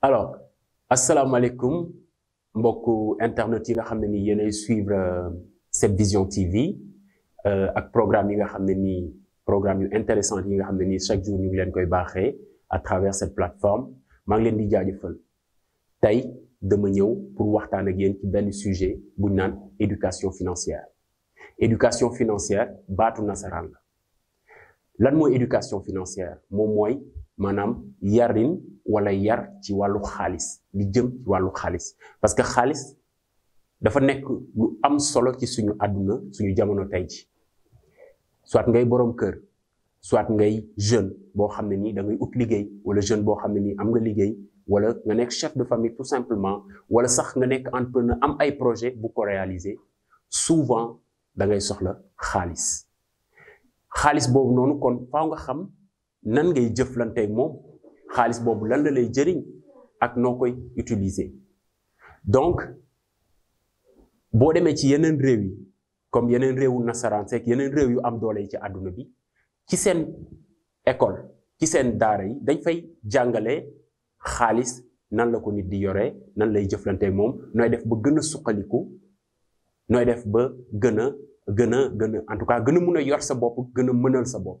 alors assalamu alaikum, beaucoup d'internautes qui viennent suivre cette euh, vision TV euh, ak programme yi nga xam ni programme yu intéressant yi nga chaque jour viennent à travers cette plateforme Je ngi leen di jaajëfal tey dama ñëw pour waxtaan ak yéen ci benn sujet qui est l'éducation éducation financière éducation financière c'est un la lan mooy éducation financière moom mooy. manam yarin wala yar ci walu khalis li jëm ci wàllu xaalis parce que khalis dafa nek lu am solo ci suñu aduna suñu jamono tay ci soit ngay borom kër soit ngay jeune bo xamné ni da ngay ut liggéey wala jeune bo xamné ni am nga liggéey wala nga nek chef de famille tout simplement wala sax nga nek entrepreneur am ay projet bu ko réaliser souvent da ngay soxla khalis khalis bobu nonu kon faaw nga xam nan ngay jëflanteeg moom xaalis boobu lan la lay jëriñ ak noo koy utiliser donc boo demee ci yeneen réew yi comme yeneen réewu nasaraan seeg yeneen réew yu am doole ci àdduna bi ci seen école ci seen daara yi dañ fay jàngale xaalis nan la ko nit di yoree nan lay jëflanteeg moom nooy def ba gën a suqaliku nooy def ba gën a gën a gën en tout cas gën a mun a yor sa bopp gën a mënal sa bopp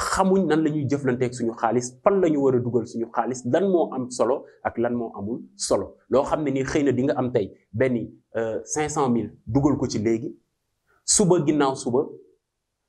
xamuñ nan la ñuy jëflanteeg suñu xaalis fan la ñu war a dugal suñu xaalis lan moo am solo ak lan moo amul solo loo xam ne nii xëy na di nga am tey benn euh, cinq cent mille dugal ko ci léegi suba ginnaaw suba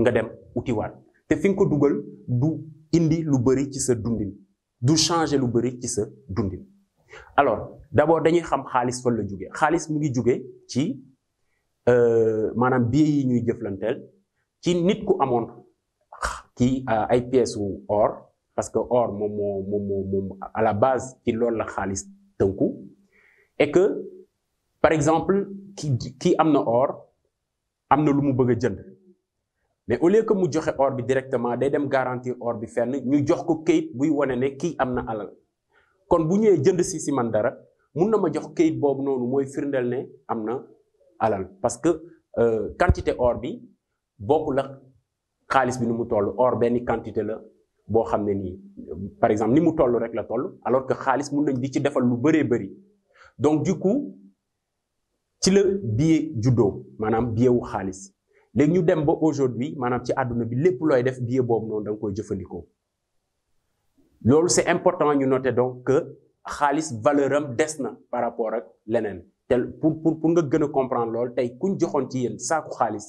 nga dem utiwaat te fi nga ko dugal du indi lu bëri ci sa dundin du changer lu bari ci sa dundin alors d'abord dañuy xam xaalis fan la jóge xaalis mu ngi jóge ci euh, maanaam biais yi ñuy jëflanteel ci nit ku amoon qui ay pièces ou or parce que or moom moo moom à la base ci loolu la xaalis coup, et que par exemple qui qui am or amne lu mu bëgg jënd mais au lieu que mu joxe or bi directement day dem garantir or bi fenn ñu jox ko kayit buy wane ne ki amna alal kon bu ñëwee jënd ci si man dara mun na ma jox kayit boobu nonu moy firndel ne amna alal parce que euh, quantité or bi bokkul la xaalis bi ni mu toll or benn quantité la boo xam ne nii par exemple ni mu toll rek la toll alors que xaalis mun nañ di ci defal lu bëree bëri donc du coup ci la billet juddoo maanaam billet wu xaalis léegi ñu dem ba aujourd'hui maanaam ci àdduna bi lépp looy def billet boobu noonu da nga koy jëfandikoo loolu c'est important ñu noter donc que xaalis valeur am des na par rapport ak leneen te pour pour pour nga gën a comprendre loolu tey kuñ joxoon ci yéen saaku xaalis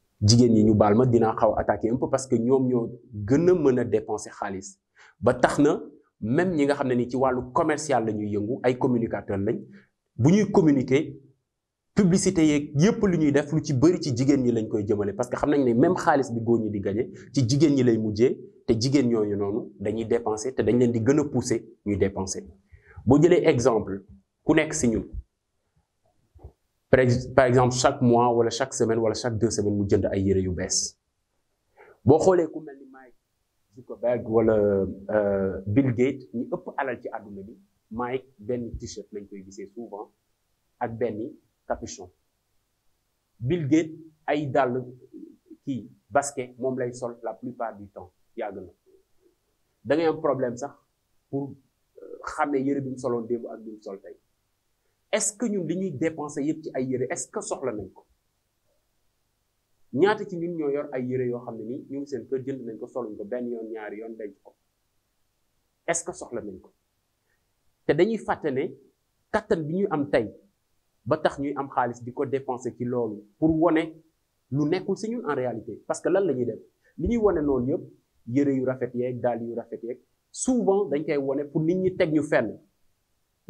jigen ñi ñu baal ma dinaa xaw attaquer un peu parce que ñom ñoo gën mëna dépenser xaliss ba taxna même ñi nga xamné ni ci walu commercial la ñuy yëngu ay communicateur lañ buñuy ñuy communiquer publicité yeeg yépp lu ñuy def lu ci bëri ci jigen ñi lañ koy jëmale parce que xam nañ ne même xaliss bi goor ñi di gagner ci jigen ñi lay mujjee te jigéen ñooñu nonu dañuy dépenser té dañ leen di gën pousser ñuy dépenser boo jëlé exemple ku nekk si ñun par exemple chaque mois wala chaque semaine wala chaque deux semaines mu jënd ay yére yu bess bo xolé ku mel Mike Zuckerberg wala euh, Bill Gates ñu ëpp alal ci aduna bi Mike ben t-shirt lañ koy gisee souvent ak benn capuchon Bill Gates ay dal ki basket mom lay sol la plupart du temps yàgg na da ngay am problème sax pour euh, xamé yére bi mu soloon démb ak bi mu sol tay est-ce que ñun li dépenser yépp ci ay yéré est-ce que soxla nañ ko ñaata ci ñun ñoo yor ay yéré yoo xam ne nii ñu ngi seen kër jënd nañ ko soluñ ko benn yoon ñaari yoon denc ko est-ce que soxla nañ ko te dañuy fàtte ne kattan bi ñuy am tey ba tax ñuy am xaalis di ko dépenser ci loolu pour wone lu nekkul si ñun en réalité parce que lan la ñuy def li ñuy wone noonu yëpp yére yu rafet yeeg dàll yu rafet yeeg souvent dañ koy wone pour nit ñi teg ñu fenn.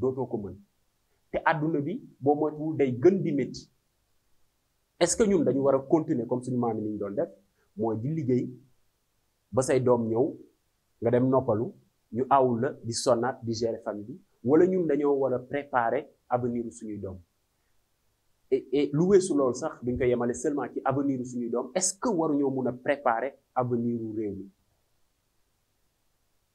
dootoo ko mën te àdduna bi boo moytuwul day gën di métti est ce que ñun dañu war a continuer comme suñu maam yi ni ñu doon def mooy di liggéey ba say doom ñëw nga dem noppalu ñu awul la di sonnaat di gérer famille bi wala ñun dañoo war a préparer avenir suñuy doom et et lu weesu loolu sax duñ ko yemale seulement ci avenir suñuy doom est ce que waruñoo mun a préparer avenir réew mi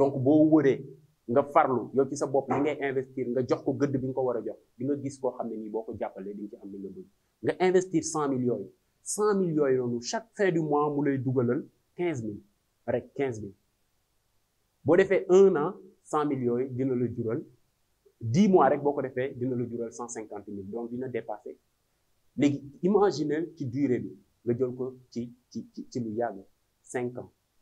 donc bo wouré nga farlu yow ci sa bop ni ngay investir nga jox ko gëdd bi nga ko wara jox di nga gis ko xamné ni boko jappalé di ci am li nga nga investir 100 millions 100 millions yi nonu chaque fin du mois mu lay dougalal 15 000 rek 15 000 bo défé 1 an 100 millions yi dina la jural 10 mois rek boko défé dina la jural 150 000 donc dina dépasser légui imaginer ci durée bi nga jël ko ci ci ci lu yag 5 ans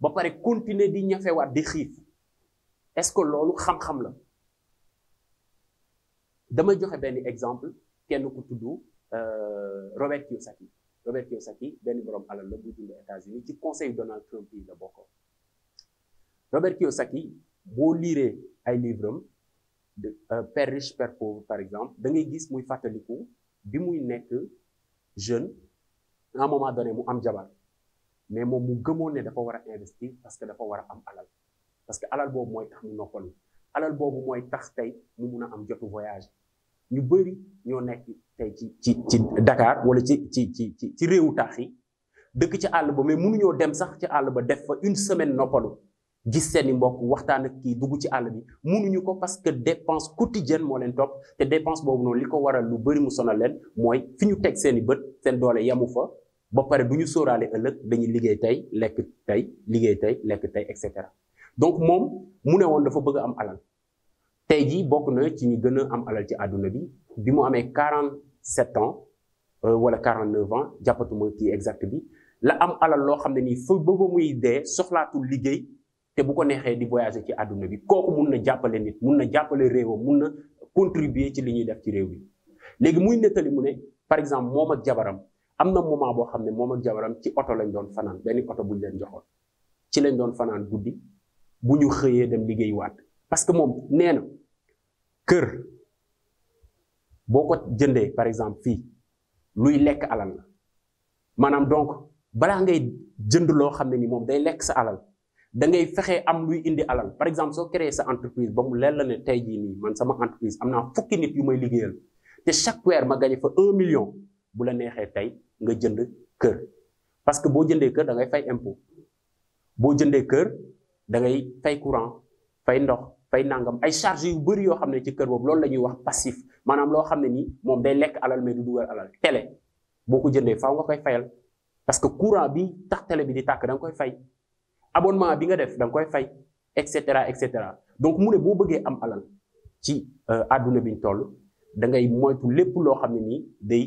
ba pare continuer di ñafewaat di xif est-ce que lolu xam-xam la dama joxe benn exemple kenn ku euh Robert Kiyosaki Robert Kiyosaki benn borom ala la bu dund États-Unis ci conseil Donald Trump yi la bokkoon Robert Kiyosaki bo lire ay livre de de euh, Père riche Père pauvre par exemple da ngay gis muy fataliku bi muy nekk jeune à un moment donné mu am jabar mais moom mu gëmoon ne dafa war a investir parce que dafa war a am alal parce que alal boobu mooy tax mu noppalu alal boobu mooy tax tey mu mun a am jotu voyage ñu bëri ñoo nekk tey ci ci ci Dakar wala ci ci ci ci ci réewu taax yi dëkk ci àll ba mais mënuñoo dem sax ci àll ba def fa une semaine noppalu gis seeni mbokk waxtaan ak kii dugg ci àll bi mënuñu ko parce que dépense quotidienne moo leen topp te dépense boobu noonu li ko waral lu bëri mu sonal leen mooy fi ñu teg seeni bët seen doole yemu fa ba pare bu ñu sóoraale dañuy liggéey tay lekk tay liggéey tay lekk tay etc donc mom mu ne dafa bëgg am alal tay ji bokk na ci ñu gëna am alal ci aduna bi bi mu amé 47 ans euh, wala 49 ans jappatu mo ki exact bi la am alal lo xamné ni nii fa bëgg muy dé soxlaatu liggéey té bu ko nexé di voyager ci aduna bi kooku mu na jappalé nit mu na jappalé réewam mu na contribuer ci li ñuy def ci réew bi légui muy netali mu né par exemple mom ak jabaram. am na moment boo xam ne moom ak jabaram ci oto lañ doon fanaan benn oto buñ leen joxoon ci lañ doon fanaan guddi bu ñu xëyee dem liggéey waat parce que moom nee na kër boo ko jëndee par exemple fii luy lekk alal la maanaam donc balaa ngay jënd loo xam ne ni moom day lekk sa alal da ngay fexe am luy indi alal par exemple soo créé sa entreprise ba mu leer ne tey jii nii man sama entreprise am naa fukki nit yu may liggéeyal te chaque weer ma gañe fa un bu la neexee tey nga jënd kër parce que boo jëndee kër da ngay fay impôt boo jëndee kër da ngay fay courant fay ndox fay nangam ay charges yu bari yoo xam ne ci kër boobu loolu la ñuy wax passif maanaam loo xam ne nii moom day lekk alal mais du dugal alal télé boo ko jëndee faaw nga koy fayal parce que courant bi tax télé bi di tàkk da nga koy fay abonnement bi nga def da nga koy fay et cetera et cetera donc mu ne boo bëggee am alal ci adduna euh, bi ñu toll da ngay moytu lépp loo xam ne nii day.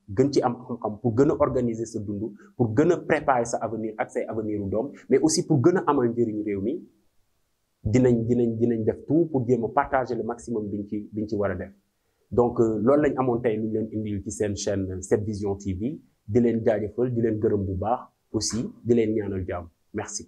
gën ci am xam-xam pour gën a organiser sa dund pour gën a préparer sa avenir ak say avenir u doom mais aussi pour gën a amal njëriñu réew mi dinañ dinañ dinañ def tout pour jéem a partager le maximum biñ ci biñ ci war a def donc euh, loolu lañ amoon tey lu leen indil ci seen chaîne cette Vision TV di leen jaajëfal di leen gërëm bu baax aussi di leen ñaanal jàmm merci